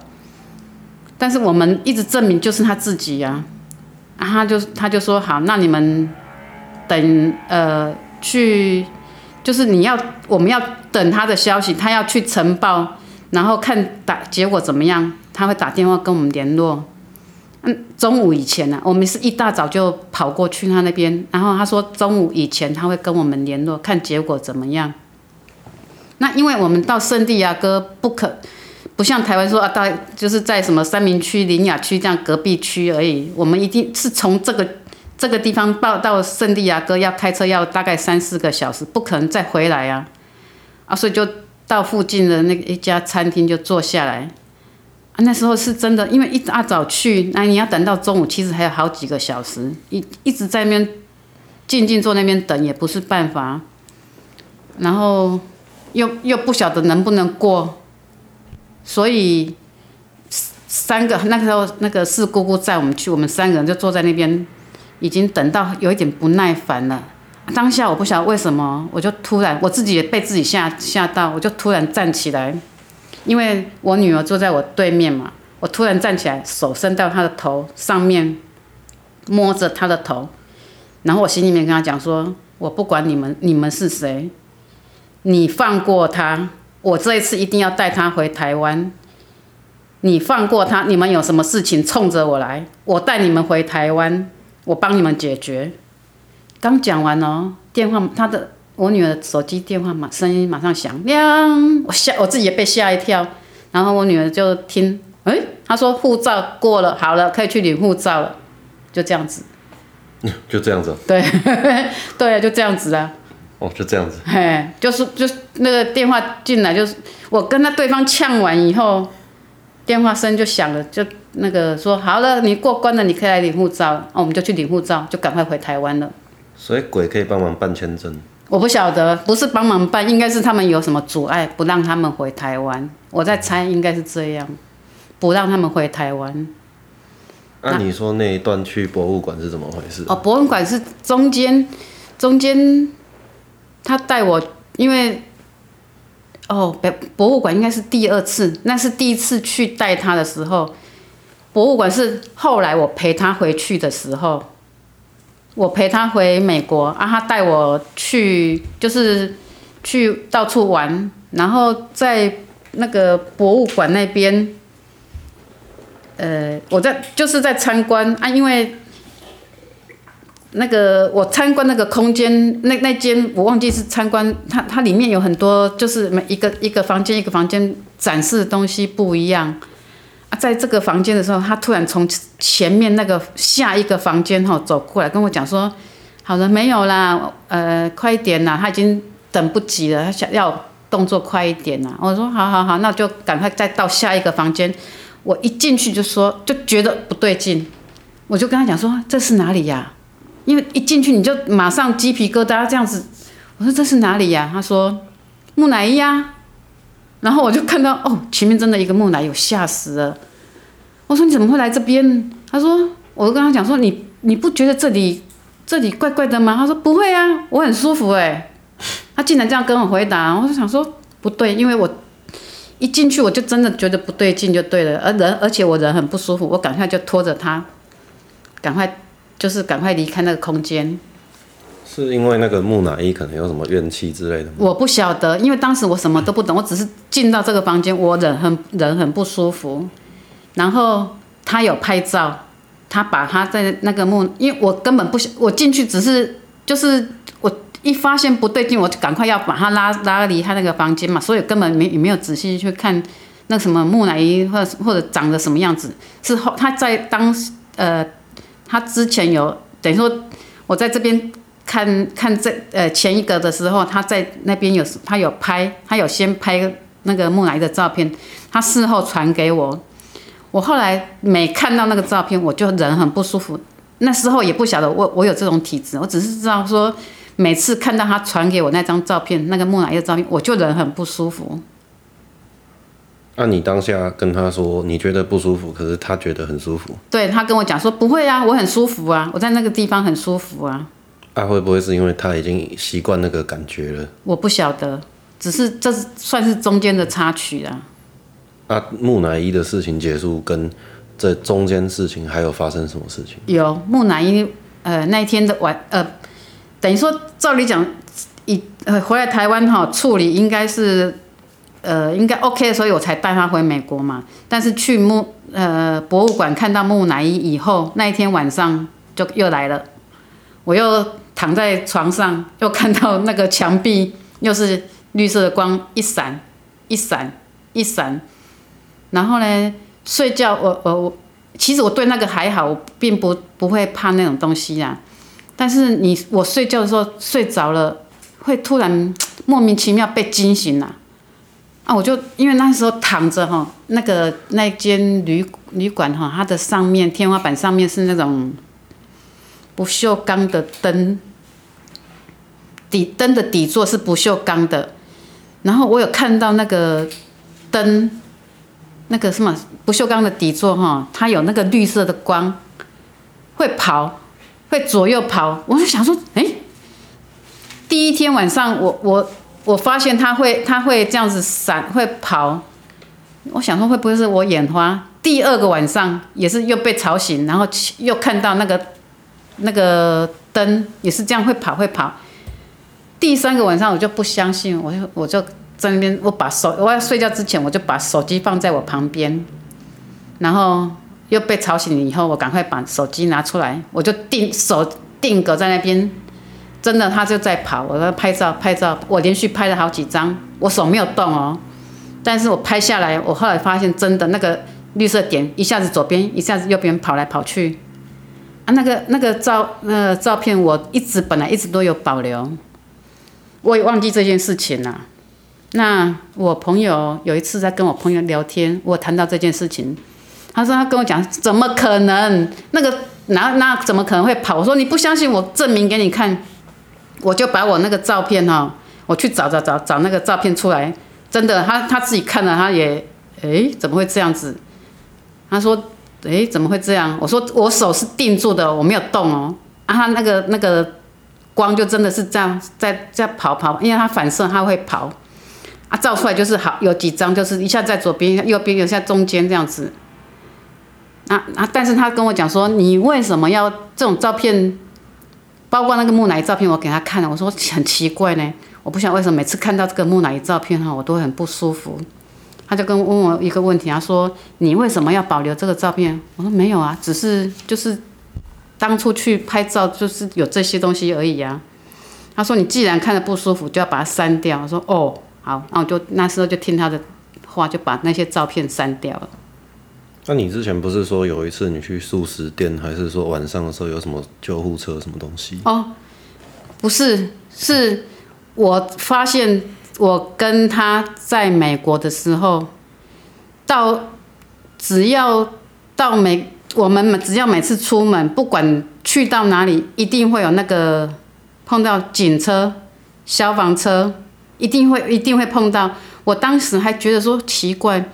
但是我們一直證明就是他自己呀、啊，然後他就他就說好，那你們等呃去，就是你要我們要等他的消息，他要去呈報，然後看打結果怎麼樣，他會打電話跟我們聯絡。嗯，中午以前呢、啊，我們是一大早就跑過去他那邊，然後他說中午以前他會跟我們聯絡，看結果怎麼樣。那因為我們到聖地亞哥不可。不像台灣說啊，大就是在什麼三民區、苓雅區這樣隔壁區而已。我們一定是從這個這個地方到到聖地亞哥，要開車要大概三四個小時，不可能再回來啊！啊，所以就到附近的那一家餐廳就坐下來。那時候是真的，因為一大早去，那你要等到中午，其實還有好幾個小時，一一直在那邊靜靜坐那邊等也不是辦法。然後又又不曉得能不能過。所以，三個那個時候，那個四姑姑載我們去，我們三個人就坐在那邊，已經等到有一點不耐煩了。當下我不曉得為什麼，我就突然我自己也被自己嚇嚇到，我就突然站起來，因為我女兒坐在我對面嘛，我突然站起來，手伸到她的頭上面，摸着她的頭，然後我心裡面跟她講說，我不管你們你們是誰，你放過她。我這一次一定要帶他回台灣。你放過他，你們有什麼事情衝着我來，我帶你們回台灣，我幫你們解決。剛講完哦，電話她的我女兒的手機電話馬聲音馬上響，亮，我嚇我自己也被嚇一跳。然後我女兒就聽，誒，她說護照過了，好了，可以去領護照了，就這樣子。就這樣子啊。對， 對，就這樣子啊。哦，就這樣子。嘿，就是就那個電話進來，就是我跟他對方嗆完以後，電話聲就響了，就那個說好了，你過關了，你可以來領護照。哦，我們就去領護照，就趕快回台灣了。所以鬼可以幫忙辦簽證？我不曉得，不是幫忙辦，應該是他們有什麼阻礙，不讓他們回台灣。我在猜，應該是這樣，不讓他們回台灣。那、嗯啊啊、你說那一段去博物館是怎麼回事、啊？哦，博物館是中間，中間。他帶我，因為，哦，博博物館應該是第二次，那是第一次去帶他的時候。博物館是後來我陪他回去的時候，我陪他回美國啊，他帶我去，就是去到處玩，然後在那個博物館那邊，呃，我在就是在參觀啊，因為。那個我參觀那個空間，那那間我忘記是參觀它，它裡面有很多，就是每一個一個房間一個房間展示的東西不一樣啊。在這個房間的時候，他突然從前面那個下一個房間哈走過來跟我講說：“好了，沒有啦，呃，快一點啦，他已經等不及了，他想要動作快一點啦。”我說：“好好好，那就趕快再到下一個房間。”我一進去就說就覺得不對勁，我就跟他講說：“這是哪裡呀？”因為一進去你就馬上雞皮疙瘩這樣子，我說這是哪裡呀？他說木乃伊呀。然後我就看到哦，前面真的一個木乃伊，我嚇死了。我說你怎麼會來這邊？他說，我跟他講說你你不覺得這裡這裡怪怪的嗎？他說不會啊，我很舒服哎。他竟然這樣跟我回答，我就想說不對，因為我一進去我就真的覺得不對勁就對了，而人而且我人很不舒服，我趕快就拖着他趕快。就是趕快離開那個空間。是因為那個木乃伊可能有什麼怨氣之類的嗎？我不曉得，因為當時我什麼都不懂，我只是進到這個房間，我人很人很不舒服。然後他有拍照，他把他在那個木，因為我根本不，我進去只是就是我一發現不對勁，我就趕快要把他拉拉離他那個房間嘛，所以根本沒沒有仔細去看那個什麼木乃伊或或者長得什麼樣子。之後他在當呃。他之前有，等於說，我在這邊看看這呃前一格的時候，他在那邊有他有拍，他有先拍那個木乃伊的照片，他事後傳給我，我後來每看到那個照片，我就人很不舒服。那時候也不曉得我我，我有這種體質，我只是知道說，每次看到他傳給我那張照片，那個木乃伊的照片，我就人很不舒服。那、啊、你當下跟他說，你覺得不舒服，可是他覺得很舒服。對，他跟我講說，不會啊，我很舒服啊，我在那個地方很舒服啊。啊，會不會是因為他已經習慣那個感覺了？我不曉得，只是這是算是中間的插曲啊。啊，木乃伊的事情結束，跟這中間事情還有發生什麼事情？有木乃伊，呃，那一天的晚，呃，等於說照理講，一呃，回來台灣哈處理應該是，呃，應該 OK，所以我才帶他回美國嘛。但是去木呃博物館看到木乃伊以後，那一天晚上就又來了。我又躺在床上，又看到那個牆壁又是綠色的光一閃一閃一閃。然後呢，睡覺我我我，其實我對那個還好，我並不不會怕那種東西啦，但是你，我睡覺的時候睡着了，會突然莫名其妙被驚醒啦。啊，我就因為那時候躺着哈，那個那間旅旅館哈，它的上面天花板上面是那種不鏽鋼的燈，底燈的底座是不鏽鋼的，然後我有看到那個燈，那個什麼不鏽鋼的底座哈，它有那個綠色的光，會跑，會左右跑，我就想說，哎、欸，第一天晚上我我。我發現它會，它會這樣子閃，會跑。我想說會不會是我眼花？第二個晚上也是又被吵醒，然後又看到那個那個燈也是這樣會跑會跑。第三個晚上我就不相信，我就我就在那邊，我把手，我要睡覺之前我就把手機放在我旁邊，然後又被吵醒了以後，我趕快把手機拿出來，我就定手定格在那邊。真的，他就在跑。我說拍照，拍照，我連續拍了好幾張，我手沒有動哦、喔，但是我拍下來，我後來發現真的，那個綠色點一下子左邊，一下子右邊跑來跑去啊、那個。那個那個照，那個照片，我一直本來一直都有保留，我也忘記這件事情了、啊。那我朋友有一次在跟我朋友聊天，我談到這件事情，他說他跟我講，怎麼可能？那個那那怎麼可能會跑？我說你不相信我，我證明給你看。我就把我那個照片哦，我去找找找找那個照片出來，真的，他他自己看了，他也，欸，怎麼會這樣子？他說，欸，怎麼會這樣？我說，我手是定住的，我沒有動哦。啊，他那個那個光就真的是這樣在在、在跑跑，因為它反射，它會跑。啊，照出來就是好，有幾張就是一下在左邊、右邊，有一下中間這樣子。啊啊，但是他跟我講說，你為什麼要這種照片？包括那個木乃伊照片，我給他看了，我說很奇怪呢，我不曉得為什麼每次看到這個木乃伊照片哈，我都會很不舒服。他就跟問我一個問題，他說你為什麼要保留這個照片？我說沒有啊，只是就是當初去拍照就是有這些東西而已啊。他說你既然看着不舒服，就要把它刪掉。我說哦好，那我就那時候就聽他的話，就把那些照片刪掉了。那、啊、你之前不是說有一次你去素食店，還是說晚上的時候有什麼救護車什麼東西？哦，不是，是我發現我跟他在美國的時候，到只要到每我們只要每次出門，不管去到哪裡，一定會有那個碰到警車、消防車，一定會一定會碰到。我當時還覺得說奇怪。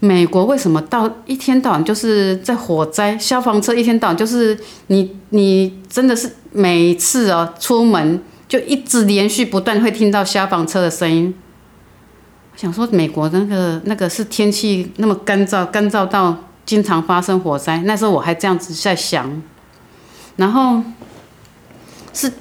美國為什麼到一天到晚就是在火災？消防車一天到晚就是你，你真的是每次哦出門就一直連續不斷會聽到消防車的聲音。我想說美國那個那個是天氣那麼乾燥，乾燥到經常發生火災。那時候我還這樣子在想，然後是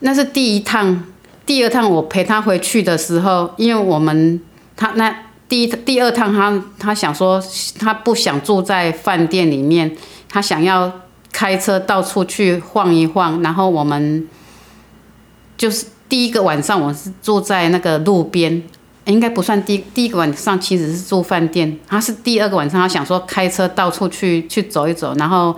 那是第一趟，第二趟我陪他回去的時候，因為我們他那。第第二趟他，他他想說，他不想住在飯店裡面，他想要開車到處去晃一晃。然後我們就是第一個晚上，我是住在那個路邊，欸、應該不算第一第一個晚上，其實是住飯店。他是第二個晚上，他想說開車到處去去走一走，然後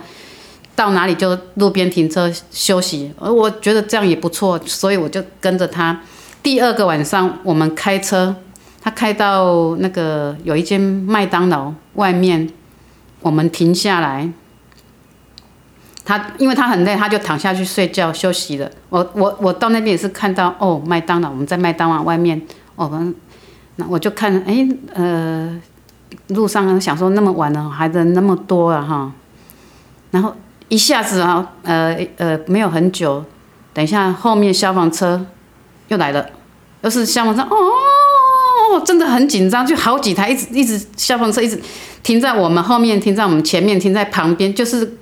到哪裡就路邊停車休息。而我覺得這樣也不錯，所以我就跟着他。第二個晚上，我們開車。他開到那個有一間麥當勞外面，我們停下來。他因為他很累，他就躺下去睡覺休息了。我我我到那邊也是看到哦，麥當勞，我們在麥當勞外面。哦，那我就看，哎、欸，呃，路上想說那麼晚了，還人那麼多啊哈。然後一下子啊，呃呃，沒有很久，等一下後面消防車又來了，又是消防車哦。哦，真的很緊張，就好幾台一直一直消防車一直停在我們後面，停在我們前面，停在旁邊。就是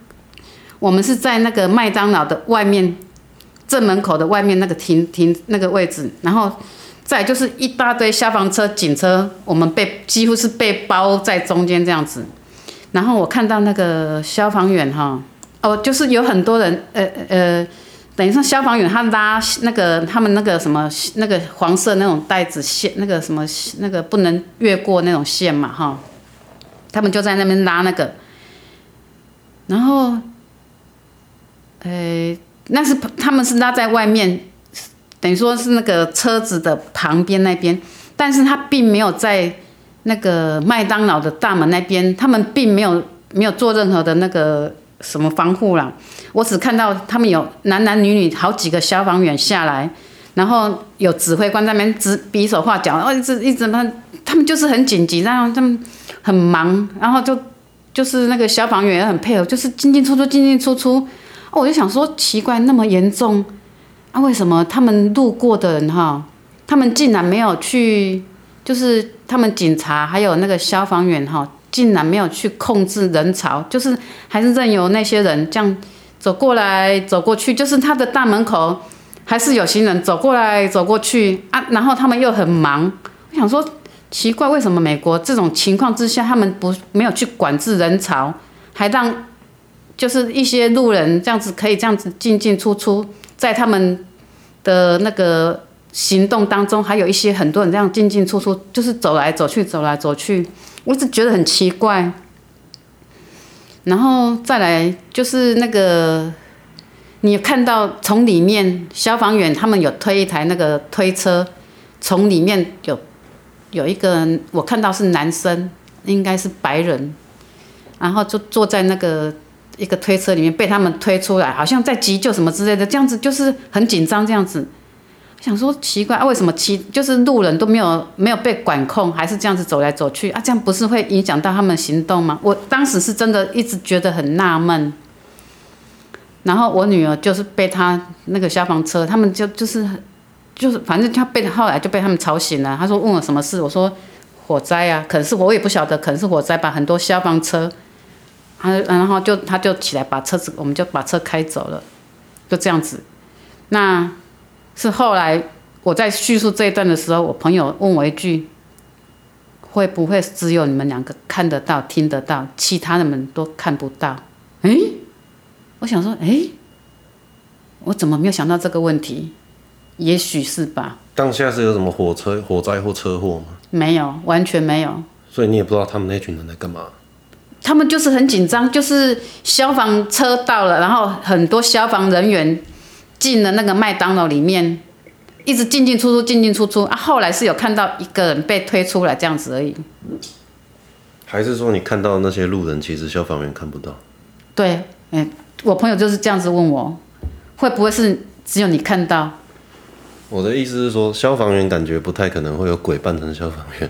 我們是在那個麥當勞的外面正門口的外面那個停停那個位置，然後再就是一大堆消防車、警車，我們被幾乎是被包在中間這樣子。然後我看到那個消防員哈，哦，就是有很多人，呃呃。等於說消防員他拉那個，他們那個什麼，那個黃色那種帶子線，那個什麼，那個不能越過那種線嘛哈，他們就在那邊拉那個，然後，呃、欸，那是他們是拉在外面，等於說是那個車子的旁邊那邊，但是他並沒有在那個麥當勞的大門那邊，他們並沒有沒有做任何的那個。什麼防護啦？我只看到他們有男男女女好幾個消防員下來，然後有指揮官在那邊指比手畫腳，然、哦、一直一直他們就是很緊急這樣，然後他們很忙，然後就就是那個消防員很配合，就是進進出出進進出出、哦。我就想說奇怪，那麼嚴重啊，為什麼他們路過的人哈，他們竟然沒有去？就是他們警察還有那個消防員哈。竟然沒有去控制人潮，就是還是任由那些人這樣走過來走過去，就是他的大門口還是有行人走過來走過去啊。然後他們又很忙，我想說奇怪，為什麼美國這種情況之下，他們不沒有去管制人潮，還讓就是一些路人這樣子可以這樣子進進出出，在他們的那個行動當中，還有一些很多人這樣進進出出，就是走來走去，走來走去。我只覺得很奇怪，然後再來就是那個，你看到從裡面消防員他們有推一台那個推車，從裡面有有一個我看到是男生，應該是白人，然後就坐在那個一個推車裡面被他們推出來，好像在急救什麼之類的，這樣子就是很緊張這樣子。想說奇怪啊，為什麼其就是路人都沒有沒有被管控，還是這樣子走來走去啊？這樣不是會影響到他們行動嗎？我當時是真的一直覺得很納悶。然後我女兒就是被他那個消防車，他們就就是就是反正他被後來就被他們吵醒了。他說問我什麼事，我說火災啊，可是我也不曉得，可能是火災吧。很多消防車，他、啊、然後就他就起來把車子，我們就把車開走了，就這樣子。那。是後來我在敘述這一段的時候，我朋友問我一句：“會不會只有你們兩個看得到、聽得到，其他人都看不到？”哎、欸，我想說，哎、欸，我怎麼沒有想到這個問題？也許是吧。當下是有什麼火車火災或車禍嗎？沒有，完全沒有。所以你也不知道他們那群人在幹嘛。他們就是很緊張，就是消防車到了，然後很多消防人員。進了那個麥當勞裡面，一直進進出出，進進出出啊。後來是有看到一個人被推出來這樣子而已。還是說你看到那些路人，其實消防員看不到？對，哎、欸，我朋友就是這樣子問我，會不會是只有你看到？我的意思是說，消防員感覺不太可能會有鬼扮成消防員。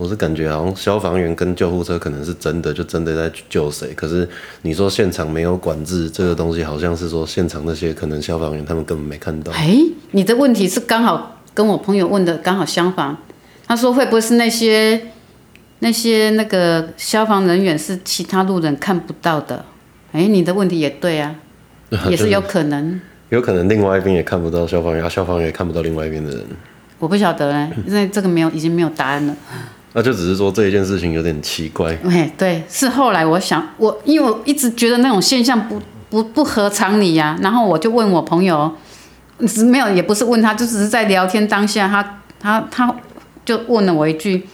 我是感覺好像消防員跟救護車可能是真的，就真的在去救誰。可是你說現場沒有管制這個東西，好像是說現場那些可能消防員他們根本沒看到。哎、欸，你的問題是剛好跟我朋友問的剛好相反。他說會不會是那些那些那個消防人員是其他路人看不到的？哎、欸，你的問題也對啊，啊、就是，也是有可能，有可能另外一邊也看不到消防員、啊，消防員也看不到另外一邊的人。我不曉得哎，因 為這個沒有已經沒有答案了。那就只是說這一件事情有點奇怪。嗯，哎，對，是後來我想我，因為我一直覺得那種現象不不不合常理呀、啊，然後我就問我朋友，沒有也不是問他，就只是在聊天當下，他他他就問了我一句：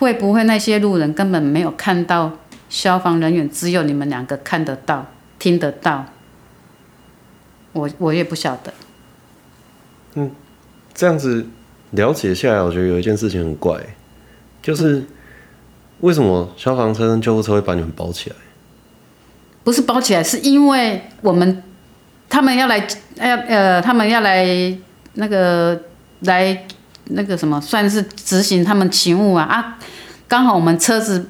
會不會那些路人根本沒有看到消防人員，只有你們兩個看得到、聽得到？我我也不曉得。嗯，這樣子了解下來，我覺得有一件事情很怪。就是為什麼消防車跟救護車會把你們包起來？不是包起來，是因為我們他們要來，要呃，他們要來那個來那個什麼，算是執行他們勤務啊啊！剛好我們車子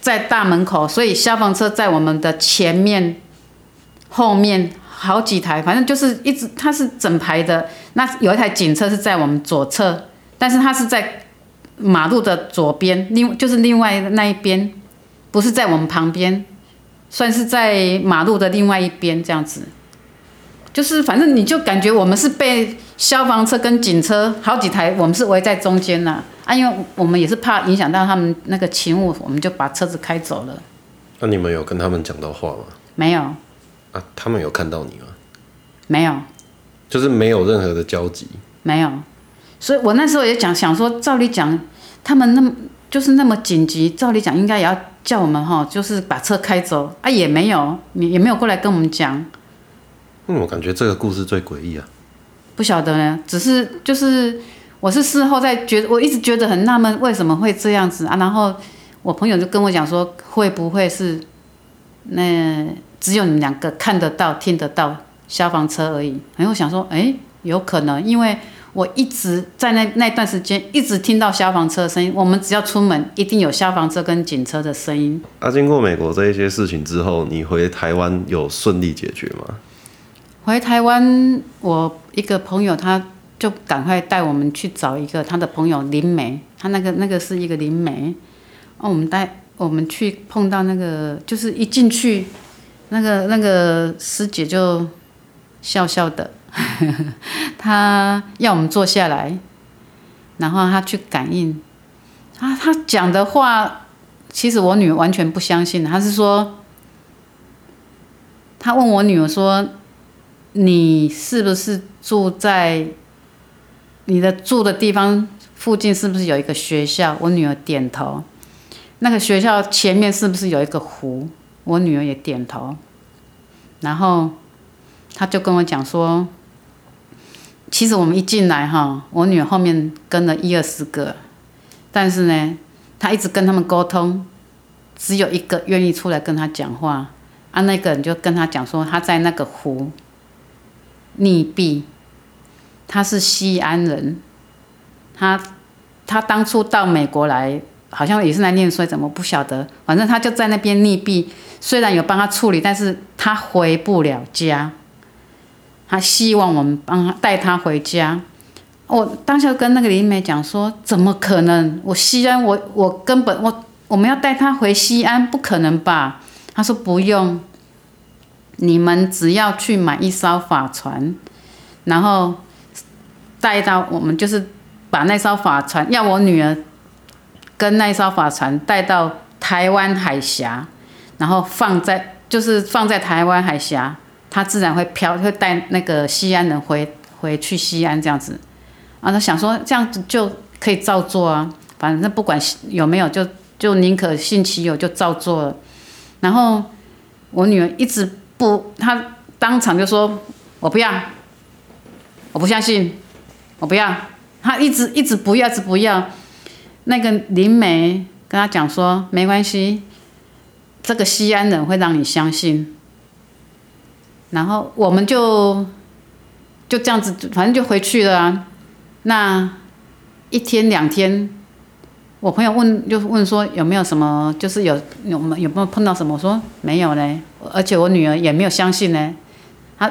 在大門口，所以消防車在我們的前面後面好幾台，反正就是一直它，是整排的。那有一台警車是在我們左側，但是它是在。馬路的左邊，另就是另外那一邊，不是在我們旁邊，算是在馬路的另外一邊這樣子。就是反正你就感覺我們是被消防車跟警車好幾台，我們是圍在中間啦啊。因為我們也是怕影響到他們那個勤務，我們就把車子開走了。那啊，你們有跟他們講到話嗎？沒有。啊，他們有看到你嗎？沒有。就是沒有任何的交集。沒有。所以，我那時候也講，想說，照理講，他們那麼就是那麼緊急，照理講應該也要叫我們哈，就是把車開走啊，也沒有，你也沒有過來跟我們講。為、嗯、我感覺這個故事最詭異啊。不曉得呢，只是就是，我是事後在覺得，我一直覺得很納悶，為什麼會這樣子啊？然後我朋友就跟我講說，會不會是那、呃、只有你們兩個看得到、聽得到消防車而已？然後我想說，哎、欸，有可能，因為。我一直在那那段時間，一直聽到消防車的聲音。我們只要出門，一定有消防車跟警車的聲音。啊經過美國這一些事情之後，你回台灣有順利解決嗎？回台灣，我一個朋友，他就趕快帶我們去找一個他的朋友靈媒。他那個那個是一個靈媒，哦，我們帶我們去碰到那個，就是一進去，那個那個師姐就笑笑的。 他要我們坐下來，然後他去感應啊。他講的話，其實我女兒完全不相信。他是說，他問我女兒說：“你是不是住在你的住的地方附近？是不是有一個學校？”我女兒點頭。那個學校前面是不是有一個湖？我女兒也點頭。然後他就跟我講說。其實我們一進來哈，我女兒後面跟了一二十個，但是呢，她一直跟他們溝通，只有一個願意出來跟她講話啊。那個人就跟她講說，她在那個湖溺斃，她是西安人，她她當初到美國來，好像也是來唸書，還是怎麼不曉得？反正她就在那邊溺斃，雖然有幫她處理，但是她回不了家。他希望我們幫他帶他回家。我當下跟那個靈媒講說：“怎麼可能？我西安，我我根本我我們要帶他回西安，不可能吧？”他說：“不用，你們只要去買一艘法船，然後帶到我們就是把那艘法船，要我女兒跟那艘法船帶到台灣海峽，然後放在就是放在台灣海峽。”他自然會飄，會帶那個西安人回回去西安這樣子啊，他想說這樣子就可以照做啊，反正不管有沒有就，就就寧可信其有，就照做了。然後我女兒一直不，她當場就說：“我不要，我不相信，我不要。”她一直一直不要，一直不要。那個靈媒跟她講說：“沒關係，這個西安人會讓你相信。”然後我們就就這樣子，反正就回去了。啊。那一天兩天，我朋友問，就問說有沒有什麼，就是有有有沒有碰到什麼？我說沒有嘞，而且我女兒也沒有相信呢。她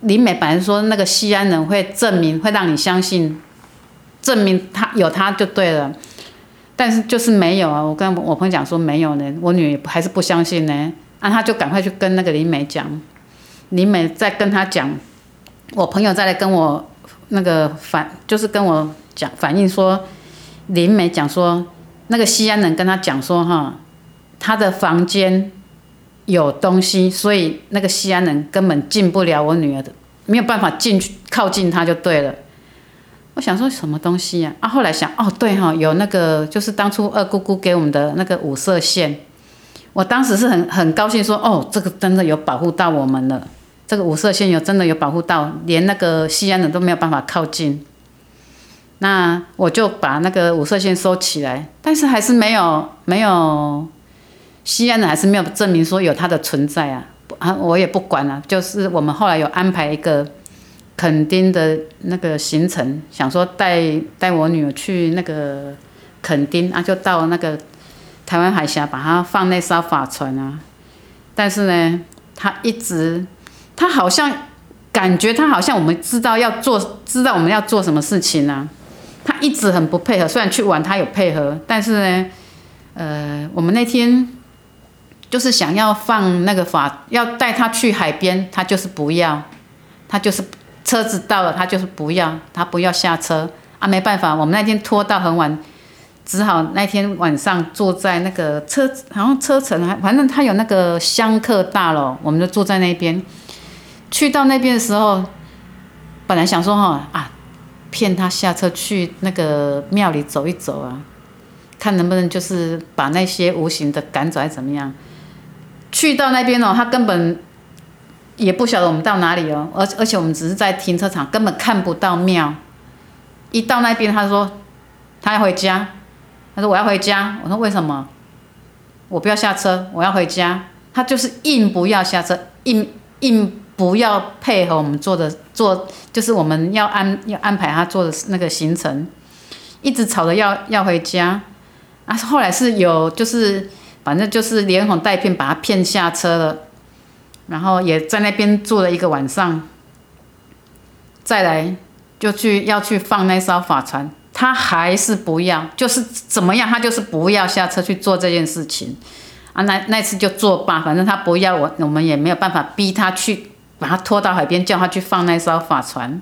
林美本來說那個西安人會證明，會讓你相信，證明他有他就對了。但是就是沒有啊，我跟我朋友講說沒有呢，我女兒還是不相信呢。那，啊，他就趕快去跟那個林美講。林美在跟他講，我朋友再來跟我那個反，就是跟我講反映說，林美講說，那個西安人跟他講說哈，他的房間有東西，所以那個西安人根本進不了我女兒的，沒有辦法進去靠近他就對了。我想說什麼東西呀？啊，啊，後來想，哦對哈，哦，有那個就是當初二姑姑給我們的那個五色線，我當時是很很高興說，哦，這個真的有保護到我們了。這個五色線有真的有保護到，連那個西安的都沒有辦法靠近。那我就把那個五色線收起來，但是還是沒有沒有西安的，還是沒有證明說有它的存在啊。啊，我也不管了，啊，就是我們後來有安排一個墾丁的那個行程，想說帶帶我女兒去那個墾丁啊，就到那個台灣海峽把它放那艘法船啊。但是呢，它一直。他好像感覺，他好像我們知道要做，知道我們要做什麼事情呢、啊？他一直很不配合。雖然去玩，他有配合，但是呢，呃，我們那天就是想要放那個法，要帶他去海邊，他就是不要，他就是車子到了，他就是不要，他不要下車啊！沒辦法，我們那天拖到很晚，只好那天晚上坐在那個車，好像車程還，反正他有那個香客大樓，我們就坐在那邊。去到那邊的時候，本來想說哈、哦、啊，騙他下車去那個廟裡走一走啊，看能不能就是把那些無形的趕走，還怎麼樣？去到那邊哦，他根本也不曉得我們到哪裡哦，而而且我們只是在停車場，根本看不到廟。一到那邊，他說他要回家，他說我要回家。我說為什麼？我不要下車，我要回家。他就是硬不要下車，硬硬。不要配合我們做的做，就是我們要安要安排他做的那個行程，一直吵着要要回家，啊，後來是有就是反正就是連哄帶騙把他騙下車了，然後也在那邊住了一個晚上，再來就去要去放那艘法船，他還是不要，就是怎麼樣他就是不要下車去做這件事情，啊，那那次就作罷，反正他不要我我們也沒有辦法逼他去。把他拖到海邊，叫他去放那艘法船。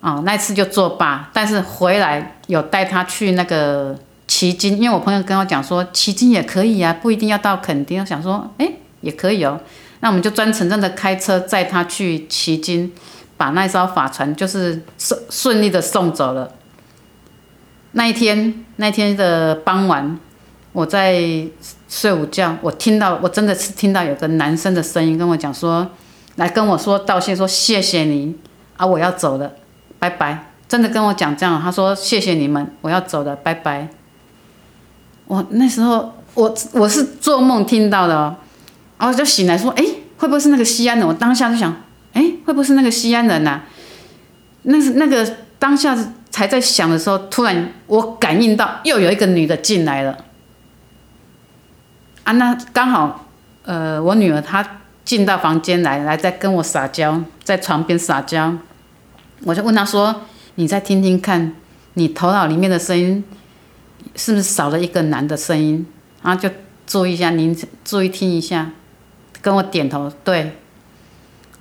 哦，那次就作罷。但是回來有帶他去那個旗津，因為我朋友跟我講說旗津也可以啊，不一定要到墾丁。我想說，哎、欸，也可以哦、喔。那我們就專程真的開車載他去旗津，把那艘法船就是順順利的送走了。那一天，那天的傍晚，我在睡午覺，我聽到，我真的是聽到有個男生的聲音跟我講說。來跟我說道謝，說謝謝你啊，我要走了，拜拜。真的跟我講這樣，他說謝謝你們，我要走了，拜拜。我那時候我我是做夢聽到的哦，然後我就醒來說，哎，會不會是那個西安的？我當下就想，哎，會不會是那個西安人啊？那是那個當下才在想的時候，突然我感應到又有一個女的進來了啊，那剛好呃我女兒她。進到房間來，來再跟我撒嬌，在床邊撒嬌，我就問他說：“你再聽聽看，你頭腦裡面的聲音是不是少了一個男的聲音？”啊，就注意一下，您注意聽一下，跟我點頭，對。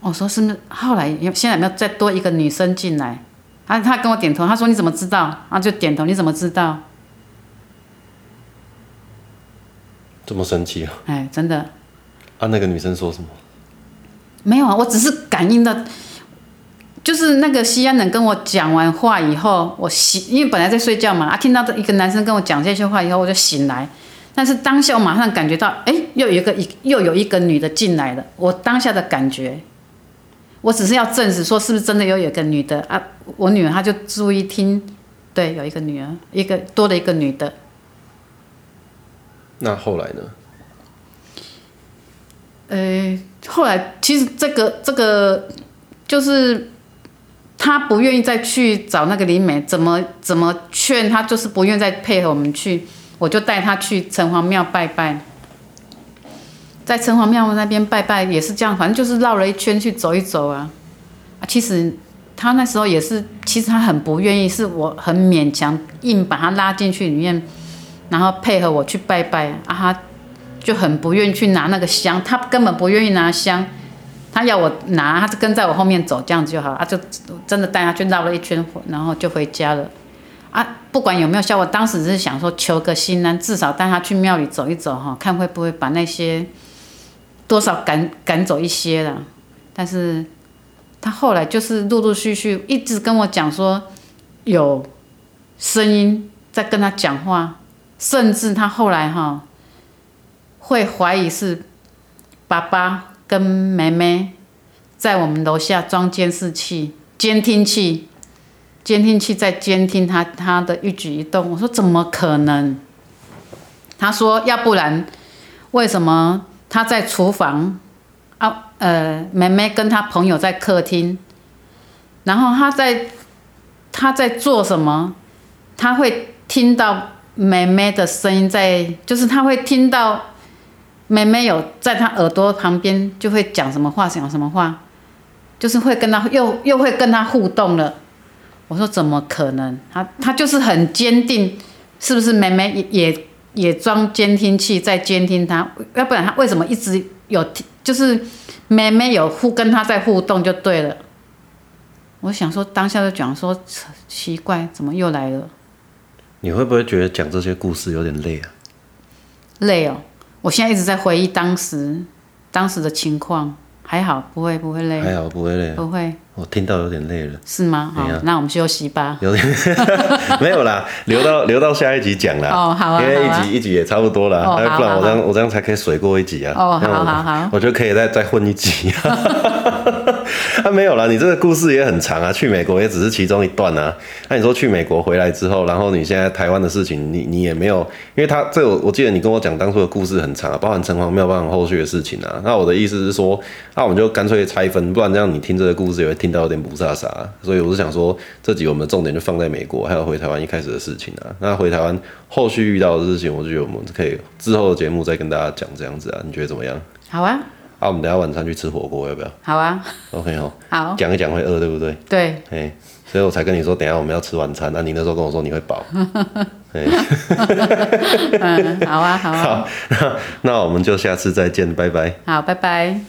我說是是：“是不是後來現在有沒有再多一個女生進來？”他，啊、他跟我點頭，他說：“你怎麼知道？”啊，就點頭，你怎麼知道？這麼神奇啊！哎，真的。啊，那個女生說什麼？沒有啊，我只是感應到，就是那個西安人跟我講完話以後，我醒，因為本來在睡覺嘛。啊，聽到這一個男生跟我講這些話以後，我就醒來。但是當下我馬上感覺到，哎、欸，又有一個一，又有一個女的進來了。我當下的感覺，我只是要證實說，是不是真的又有一個女的啊？我女兒她就注意聽，對，有一個女兒，一個多了一個女的。那後來呢？呃、欸，後來其實這個這個就是他不願意再去找那個靈媒，怎麼怎麼勸他，就是不願意再配合我們去。我就帶他去城隍廟拜拜，在城隍廟那邊拜拜也是這樣，反正就是繞了一圈去走一走啊。啊，其實他那時候也是，其實他很不願意，是我很勉強硬把他拉進去裡面，然後配合我去拜拜啊。就很不願意去拿那個香，他根本不願意拿香，他要我拿，他就跟在我後面走，這樣子就好，他、啊、就真的帶他去繞了一圈，然後就回家了。啊，不管有沒有效果，當時只是想說求個心安，至少帶他去廟裡走一走哈，看會不會把那些多少趕趕走一些了。但是他後來就是陸陸續續一直跟我講說有聲音在跟他講話，甚至他後來哈。會懷疑是爸爸跟妹妹在我們樓下裝監視器、監聽器、監聽器在監聽他，他的一舉一動。我說怎麼可能？他說，要不然為什麼他在廚房啊？呃，妹妹跟他朋友在客廳，然後他在他在做什麼？他會聽到妹妹的聲音在，就是他會聽到。妹妹有在他耳朵旁邊就會講什麼話，想什麼話，就是會跟他又又會跟他互動了。我說怎麼可能？他他就是很堅定，是不是？妹妹也也也裝監聽器在監聽他，要不然他為什麼一直有聽？就是妹妹有互跟他在互動就對了。我想說當下就講說奇怪，怎麼又來了？你會不會覺得講這些故事有點累啊？累哦。我現在一直在回憶當時，當時的情況。還好，不會，不會累。還好，不會累。不會。我聽到有點累了。是嗎？好，啊、那我們休息吧。有點， 沒有啦，留到留到下一集講啦。哦，好啊。因為一集，啊、一集也差不多啦，哦，還不然我這樣好好好，我這樣才可以水過一集啊。哦，好好好。我，我就可以再再混一集，啊。 啊，沒有啦。你這個故事也很長啊，去美國也只是其中一段啊。那你說去美國回來之後，然後你現在台灣的事情你，你你也沒有，因為他這個、我我記得你跟我講當初的故事很長、啊，包含城隍廟，包含後續的事情啊。那我的意思是說，那、啊、我們就乾脆拆分，不然這樣你聽這個故事也會聽到有點霧煞煞、啊、所以我是想說，這集我們的重點就放在美國，還有回台灣一開始的事情啊。那回台灣後續遇到的事情，我覺得我們可以之後的節目再跟大家講這樣子啊。你覺得怎麼樣？好啊。啊，我們等下晚餐去吃火鍋，要不要？好啊，OK 哦，好，講一講會餓，對不對？對，哎，所以我才跟你說，等下我們要吃晚餐啊。你那時候跟我說你會飽， 嘿 嗯，好啊，好啊，好那，那我們就下次再見，拜拜。好，拜拜。